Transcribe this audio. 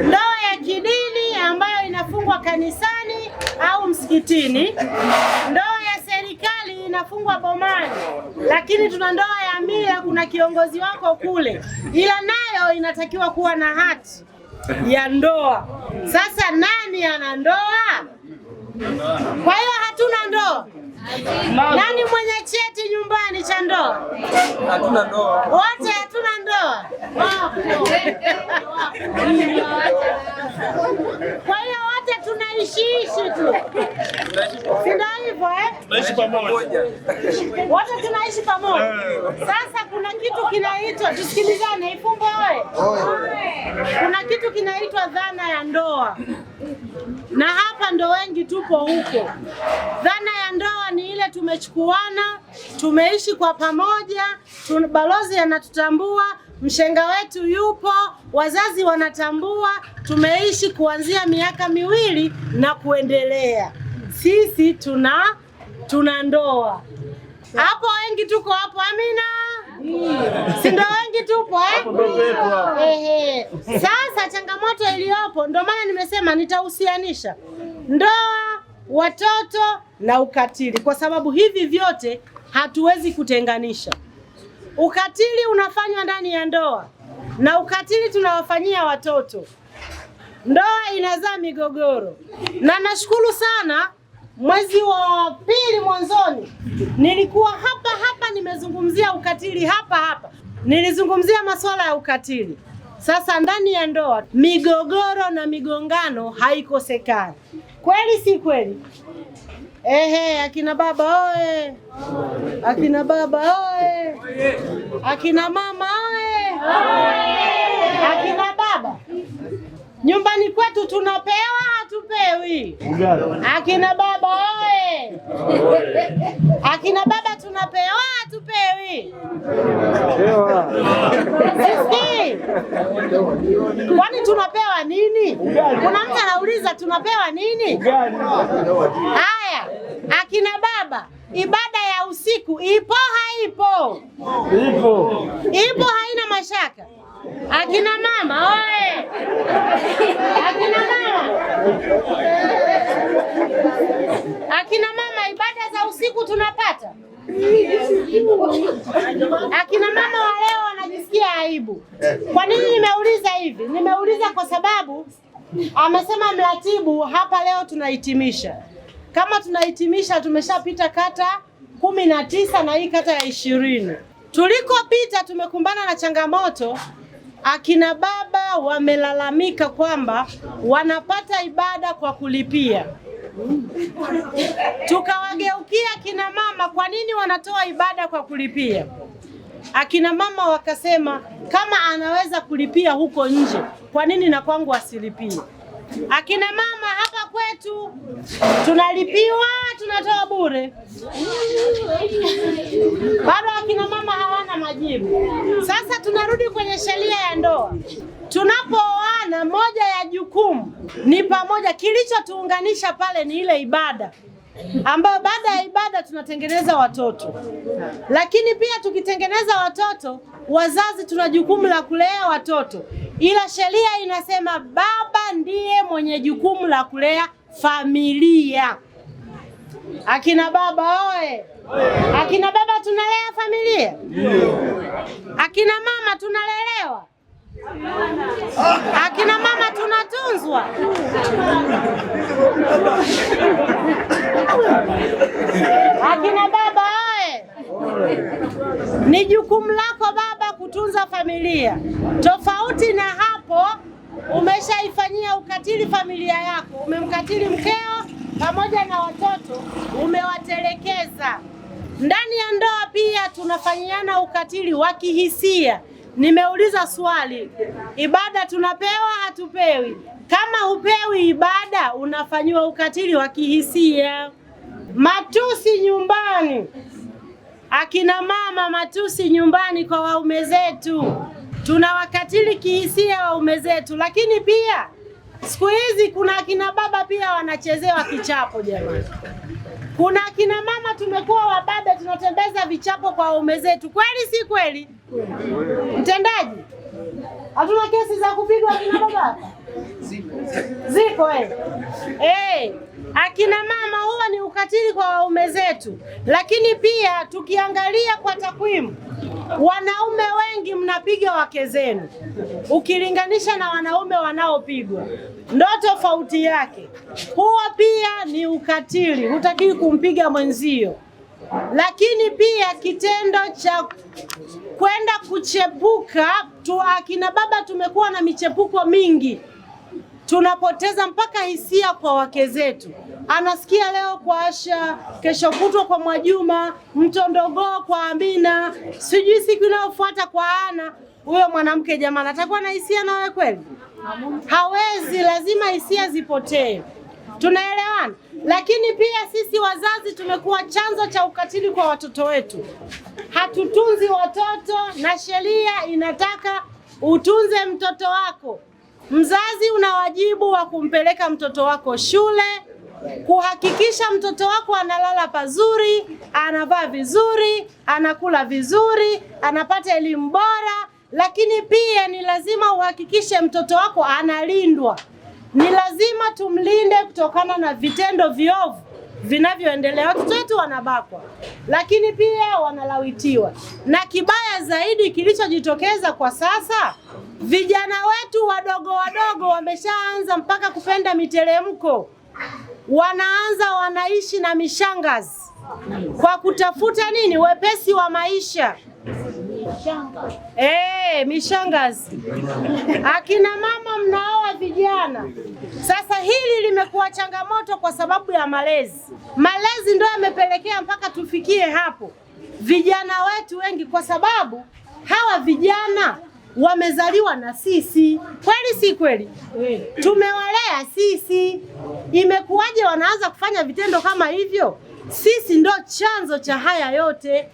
Ndoa ya kidini ambayo inafungwa kanisani au msikitini, ndoa ya serikali inafungwa bomani, lakini tuna ndoa ya mila, kuna kiongozi wako kule, ila nayo inatakiwa kuwa na hati ya ndoa. Sasa nani ana ndoa? Kwa hiyo hatuna ndoa. Nani mwenye cheti nyumbani cha ndoa? Hatuna ndoa. Wote hatuna ndoa. Tuishiishi tu, si ndio hivyo eh? Tunaishi pamoja. Wote tunaishi pamoja. Sasa kuna kitu kinaitwa, tusikilizane Ifumbo oye, kuna kitu kinaitwa dhana ya ndoa na hapa ndo wengi tupo huko. Dhana ya ndoa ni ile tumechukuana, tumeishi kwa pamoja, balozi anatutambua mshenga wetu yupo, wazazi wanatambua. Tumeishi kuanzia miaka miwili na kuendelea, sisi tuna tuna ndoa hapo. Wengi tuko hapo, Amina, si ndo wengi tupo eh? Sasa changamoto iliyopo, ndio maana nimesema nitahusianisha ndoa, watoto na ukatili, kwa sababu hivi vyote hatuwezi kutenganisha. Ukatili unafanywa ndani ya ndoa na ukatili tunawafanyia watoto, ndoa inazaa migogoro. Na nashukuru sana, mwezi wa pili mwanzoni nilikuwa hapa hapa nimezungumzia ukatili hapa hapa, nilizungumzia masuala ya ukatili. Sasa ndani ya ndoa migogoro na migongano haikosekani, kweli si kweli? Ehe, akina baba oye! Akina baba oye! Akina mama oe, Akina baba, nyumbani kwetu tunapewa, hatupewi? Akina baba oye! Akina baba tunapewa, hatupewi? kwani tunapewa nini? Kuna mtu anauliza tunapewa nini? Haya. Akina baba, ibada ya usiku ipo haipo? Ipo, ipo, haina mashaka. Akina mama oe, akina mama, akina mama, ibada za usiku tunapata? Akina mama wa leo wanajisikia aibu. Kwa nini nimeuliza hivi? Nimeuliza kwa sababu amesema mratibu hapa leo tunahitimisha kama tunahitimisha, tumeshapita kata kumi na tisa na hii kata ya ishirini. Tulikopita tumekumbana na changamoto, akina baba wamelalamika kwamba wanapata ibada kwa kulipia. Tukawageukia akina mama, kwa nini wanatoa ibada kwa kulipia? Akina mama wakasema kama anaweza kulipia huko nje, kwa nini na kwangu asilipie? Akina mama yetu tunalipiwa, tunatoa bure. Bado akina mama hawana majibu. Sasa tunarudi kwenye sheria ya ndoa. Tunapooana, moja ya jukumu ni pamoja, kilichotuunganisha pale ni ile ibada ambayo baada ya ibada tunatengeneza watoto, lakini pia tukitengeneza watoto, wazazi tuna jukumu la kulea watoto, ila sheria inasema baba ndiye mwenye jukumu la kulea familia. Akina baba oe! Akina baba tunalea familia, akina mama tunalelewa, akina mama tunatunzwa. Akina baba oe! Ni jukumu lako baba kutunza familia, tofauti na hapo unaifanyia ukatili familia yako, umemkatili mkeo pamoja na watoto, umewatelekeza ndani ya ndoa. Pia tunafanyiana ukatili wa kihisia. Nimeuliza swali, ibada tunapewa hatupewi? Kama hupewi ibada, unafanyiwa ukatili wa kihisia. Matusi nyumbani, akina mama, matusi nyumbani kwa waume zetu tunawakatili kihisia waume zetu, lakini pia siku hizi kuna akina baba pia wanachezewa kichapo jamani. Kuna akina mama tumekuwa wababe, tunatembeza vichapo kwa waume zetu, kweli si kweli? Mtendaji, hatuna kesi za kupigwa akina baba? Ziko eh. Hey. Eh. Akina mama, huo ni ukatili kwa waume zetu, lakini pia tukiangalia kwa takwimu, wanaume wengi mnapiga wake zenu ukilinganisha na wanaume wanaopigwa, ndo tofauti yake. Huo pia ni ukatili, hutakiwi kumpiga mwenzio. Lakini pia kitendo cha kwenda kuchepuka tu, akina baba tumekuwa na michepuko mingi tunapoteza mpaka hisia kwa wake zetu. Anasikia leo kwa Asha, kesho kutwa kwa Mwajuma, mtondogoo kwa Amina, sijui siku inayofuata kwa Ana. Huyo mwanamke jamani, atakuwa na hisia na wewe kweli? Hawezi, lazima hisia zipotee. Tunaelewana? Lakini pia sisi wazazi tumekuwa chanzo cha ukatili kwa watoto wetu, hatutunzi watoto, na sheria inataka utunze mtoto wako Mzazi una wajibu wa kumpeleka mtoto wako shule, kuhakikisha mtoto wako analala pazuri, anavaa vizuri, anakula vizuri, anapata elimu bora, lakini pia ni lazima uhakikishe mtoto wako analindwa. Ni lazima tumlinde kutokana na vitendo viovu vinavyoendelea. Watoto wetu wanabakwa, lakini pia wanalawitiwa, na kibaya zaidi kilichojitokeza kwa sasa, vijana wetu wadogo wadogo wameshaanza mpaka kupenda miteremko, wanaanza wanaishi na mishangazi kwa kutafuta nini, wepesi wa maisha. Hey, eh, mishangazi akina mama mnaoa vijana sasa, hili limekuwa changamoto kwa sababu ya malezi. Malezi ndio yamepelekea mpaka tufikie hapo, vijana wetu wengi, kwa sababu hawa vijana wamezaliwa na sisi, kweli si kweli? Tumewalea sisi, imekuwaje wanaanza kufanya vitendo kama hivyo? Sisi ndo chanzo cha haya yote.